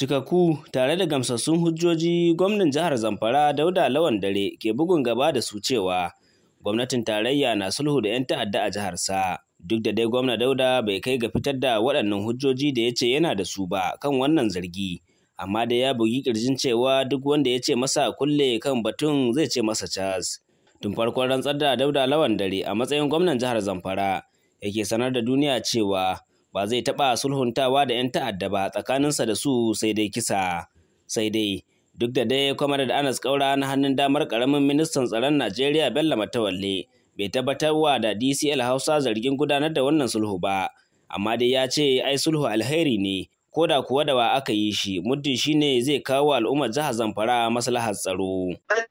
cikakku tare da gamsassun hujjoji gwamnan jihar zamfara dauda lawan dare ke bugun gaba da su cewa gwamnatin tarayya na sulhu da 'yan ta'adda a jiharsa duk da dai gwamna dauda bai kai ga fitar da waɗannan hujjoji da ya ce yana da su ba kan wannan zargi amma da ya bugi ƙirjin cewa duk wanda ya ce masa kulle kan batun zai ce masa cas tun farkon rantsar da dauda lawan dare a matsayin gwamnan jihar zamfara yake sanar da duniya cewa ba zai taɓa sulhuntawa da 'yan ta'adda ba tsakaninsa da su sai dai kisa sai dai duk da dai kwamar da anas kaura na hannun damar karamin ministan tsaron najeriya bello matawalle bai tabbatarwa da dcl hausa zargin gudanar da wannan sulhu ba amma dai ya ce ai sulhu alheri ne ko da kuwa da wa aka yi shi muddin shi ne zai kawo al'ummar jihar zamfara maslahar tsaro.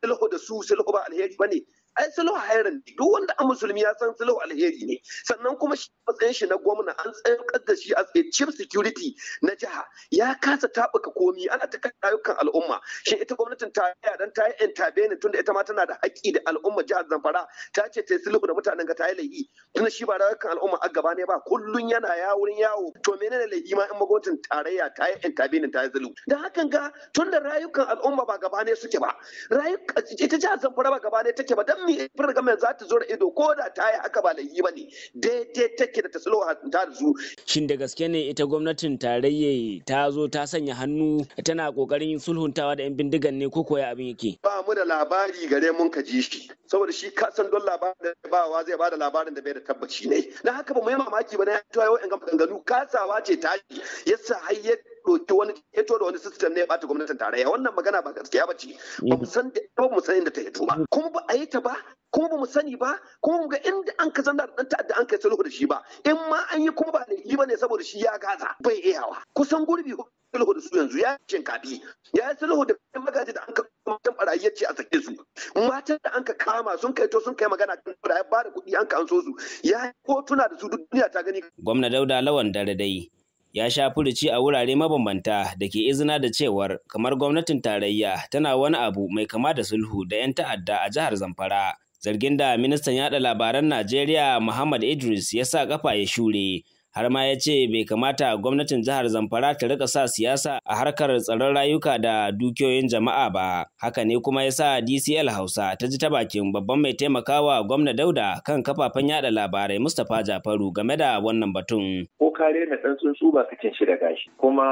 sulhu da su sulhu ba alheri ba ne ai sulhu hairin duk wanda a musulmi ya san sulhu alheri ne sannan kuma shi matsayin shi na gwamna an tsayar da shi a chief security na jiha ya kasa tabuka komi ana ta kai rayukan al'umma shi ita gwamnatin tarayya dan ta yi intervene tunda ita ma tana da haƙƙi da al'umma jihar Zamfara ta ce ta sulhu da mutanen ga ta yi laifi tunda shi ba rayukan al'umma a gaba ne ba kullun yana wurin yawo to menene laifi ma in magwamnatin tarayya ta yi intervene ta yi sulhu dan hakan ga tunda rayukan al'umma ba gaba ne suke ba rayukan ita jihar Zamfara ba gaba ne take ba dan komi federal government za ta zo da ido ko da ta yi haka ba laifi ba ne daidai take da ta tsilo ta da su. shin da gaske ne ita gwamnatin tarayya ta zo ta sanya hannu tana kokarin sulhuntawa da yan bindigan ne ko koya abin yake. ba mu da labari gare mun ka ji shi saboda shi ka san don labarin da bawa zai ba da labarin da bai da tabbaci ne na haka ba mu yi mamaki ba na ya tuwaye wa'yan ganganu kasawa ce ta yi, yasa har ya ɗauki wani hito da wani system ne ya bata gwamnatin tarayya wannan magana ba gaskiya ba ce ba mu san da ba mu san inda ta hito ba kuma ba a yi ta ba kuma ba mu sani ba kuma mu ga inda an ka zanna dan ta'adda an kai sulhu da shi ba in ma an yi kuma ba ne yi ba ne saboda shi ya gaza bai iyawa kusan gurbi sulhu da su yanzu ya shinkafi ya yi sulhu da magaji da an ka matan barayi ya ce a sake su matan da an ka kama sun kai to sun kai magana kan barayi ba da kuɗi an ka an so su ya yi kotuna da su duk duniya ta gani. gwamna dauda lawan dare dai ya sha furuci a wurare mabambanta da ke izina da cewar kamar gwamnatin tarayya tana wani abu mai kama da sulhu da 'yan ta'adda a jihar Zamfara. Zargin da ministan yada labaran Najeriya Muhammad Idris ya sa kafa ya shure har ma ya ce bai kamata gwamnatin jihar zamfara ta rika sa siyasa a harkar tsaron rayuka da dukiyoyin jama'a ba haka ne kuma ya sa dcl hausa ta ji ta bakin babban mai taimakawa gwamna dauda kan kafafen yada labarai mustapha jafaru game da wannan batun ko kare na dan tsuntsu ba kakin shi da gashi kuma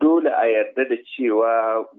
dole a yarda da cewa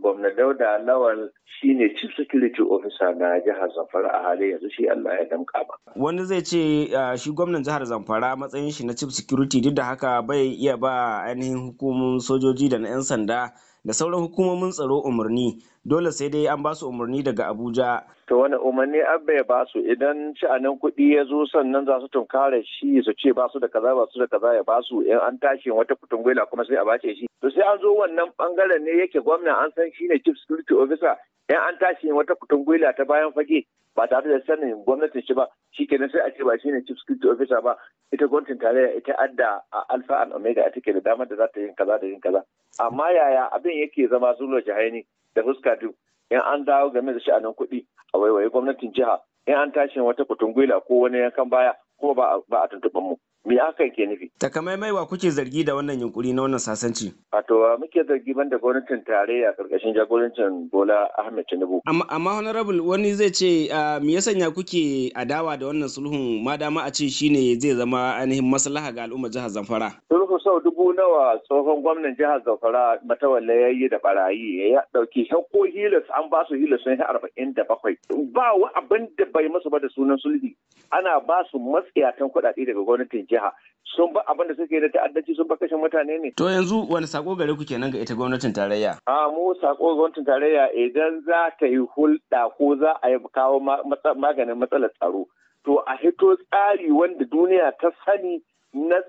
gwamna dauda lawal shine chief security officer na jihar zamfara a halin yanzu shi allah ya damka ba wani zai ce shi gwamnan jihar zamfara matsayin shi na chief security duk da haka bai iya ba ainihin hukumomin sojoji da na 'yan sanda da sauran hukumomin tsaro umarni dole sai dai an basu umarni daga abuja to wani umarni abba ya ba su idan sha'anin kuɗi ya zo sannan za su tunkara shi su ce ba su da kaza ba su da kaza ya ba su an tashi wata kutungwela kuma sai a bace shi to sai an zo wannan bangaren ne yake gwamna an san shi ne chief security officer in an tashi wata kutungwela ta bayan fage ba tare da sanin gwamnatin shi ba shi kenan sai a ce ba shi ne chief security officer ba ita gwamnatin tarayya ita adda a alfa and omega a take da damar da za ta yin kaza da yin kaza amma yaya abin yake zama zulo jihaini da fuska duk in an dawo game da sha'anin kuɗi a waiwaye gwamnatin jiha in an tashi wata kutungwila ko wani yankan baya kuma ba a tuntuɓin mu me hakan ke nufi. Takamaimai wa kuke zargi da wannan yunkuri na wannan sasanci? Wato muke zargi ban da gwamnatin tarayya karkashin jagorancin Bola Ahmed Tinubu. Amma honorable wani zai ce ah, me ya sanya kuke adawa da wannan sulhun ma dama a ce shine zai zama ainihin maslaha ga al'ummar jihar Zamfara. Sulhun sau dubu nawa tsohon gwamnan jihar Zamfara matawalla ya yi da barayi ya ɗauki, "Hauko hilas an ba su hilas sun arba'in da bakwai. Ba abin da bai masu ba da sunan sulhi ana ba su matsiyatan kuɗaɗe daga gwamnatin jiha sun ba abin suke da ta'addanci sun ba kashe mutane ne. To yanzu wani sako gare ku kenan ga ita gwamnatin tarayya? A mu sako gwamnatin tarayya idan za ta yi hulɗa ko za a yi kawo maganin matsalar tsaro. To a hito tsari wanda duniya ta sani na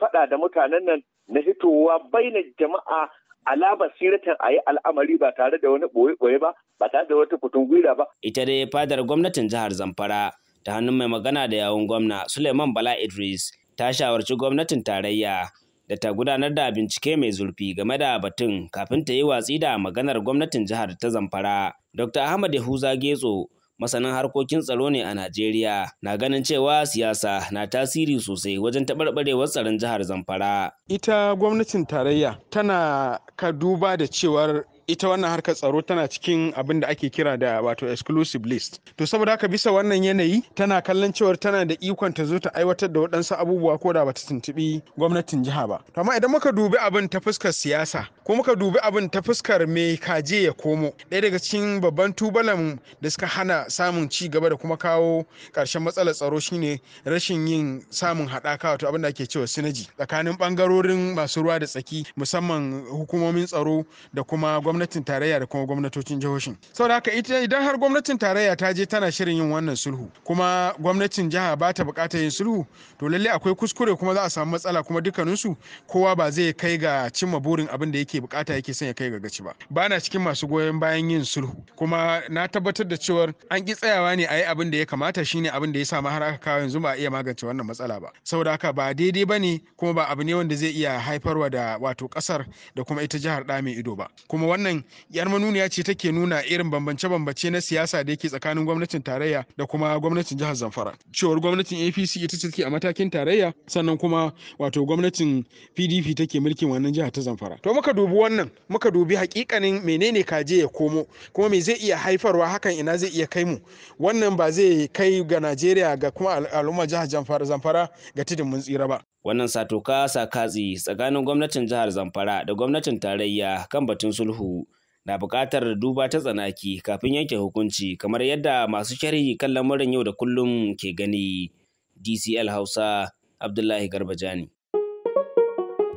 faɗa da mutanen nan na hitowa baina jama'a ala basiratan a yi al'amari ba tare da wani ɓoye-ɓoye ba ba tare da wata fitun gwira ba. Ita dai fadar gwamnatin jihar Zamfara ta hannun mai magana da yawun gwamna Suleiman Bala Idris ta shawarci gwamnatin tarayya da ta gudanar da bincike mai zurfi game da batun kafin ta yi watsi da maganar gwamnatin jihar ta Zamfara. Dr. Ahmad Yahuza Getso masanin harkokin tsaro ne a Najeriya na ganin cewa siyasa na tasiri sosai wajen taɓarɓarewar tsaron jihar Zamfara. Ita gwamnatin tarayya tana ka duba da cewar ita wannan harkar tsaro tana cikin abin da ake kira da wato exclusive list to saboda haka bisa wannan yanayi tana kallon cewar tana da ikon ta zo ta aiwatar da waɗansu abubuwa ko da bata tuntubi gwamnatin jiha ba amma idan muka dubi abin ta fuskar siyasa ko muka dubi abin ta fuskar me kaje ya komo ɗaya daga cikin babban tubalan da suka hana samun ci gaba da kuma kawo ƙarshen matsalar tsaro shine rashin yin samun haɗaka wato abin da ake cewa sinaji tsakanin ɓangarorin masu ruwa da tsaki musamman hukumomin tsaro da kuma gwamnatin tarayya da kuma gwamnatocin jihohin saboda haka idan har gwamnatin tarayya ta je tana shirin yin wannan sulhu kuma gwamnatin jiha ba ta buƙatar yin sulhu to lallai akwai kuskure kuma za a samu matsala kuma dukkaninsu kowa ba zai kai ga cimma burin abin da yake yake bukata yake son ya kai ga gaci ba ba na cikin masu goyon bayan yin sulhu kuma na tabbatar da cewar an ki tsayawa ne a yi abin da ya kamata shine abin da ya sa har aka kawo yanzu ba a iya magance wannan matsala ba saboda haka ba daidai ba ne kuma ba abu ne wanda zai iya haifarwa da wato kasar da kuma ita jihar da mai ido ba kuma wannan yar manuniya ce take nuna irin bambance-bambance na siyasa da yake tsakanin gwamnatin tarayya da kuma gwamnatin jihar zamfara cewar gwamnatin apc ita ce take a matakin tarayya sannan kuma wato gwamnatin pdp take mulkin wannan jihar ta zamfara to muka dubi wannan muka dubi hakikanin menene kaje ya komo kuma me zai iya haifarwa hakan ina zai iya kai mu wannan ba zai kai ga najeriya ga kuma al'ummar jihar zamfara ga tudun mun tsira ba wannan satoka sakatsi tsakanin gwamnatin jihar zamfara da gwamnatin tarayya kan batun sulhu na bukatar duba ta tsanaki kafin yanke hukunci kamar yadda masu sharhi kan lamarin yau da kullum ke gani dcl hausa abdullahi garbajani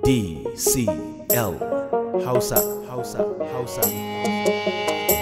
dcl 好杀！好杀！好杀！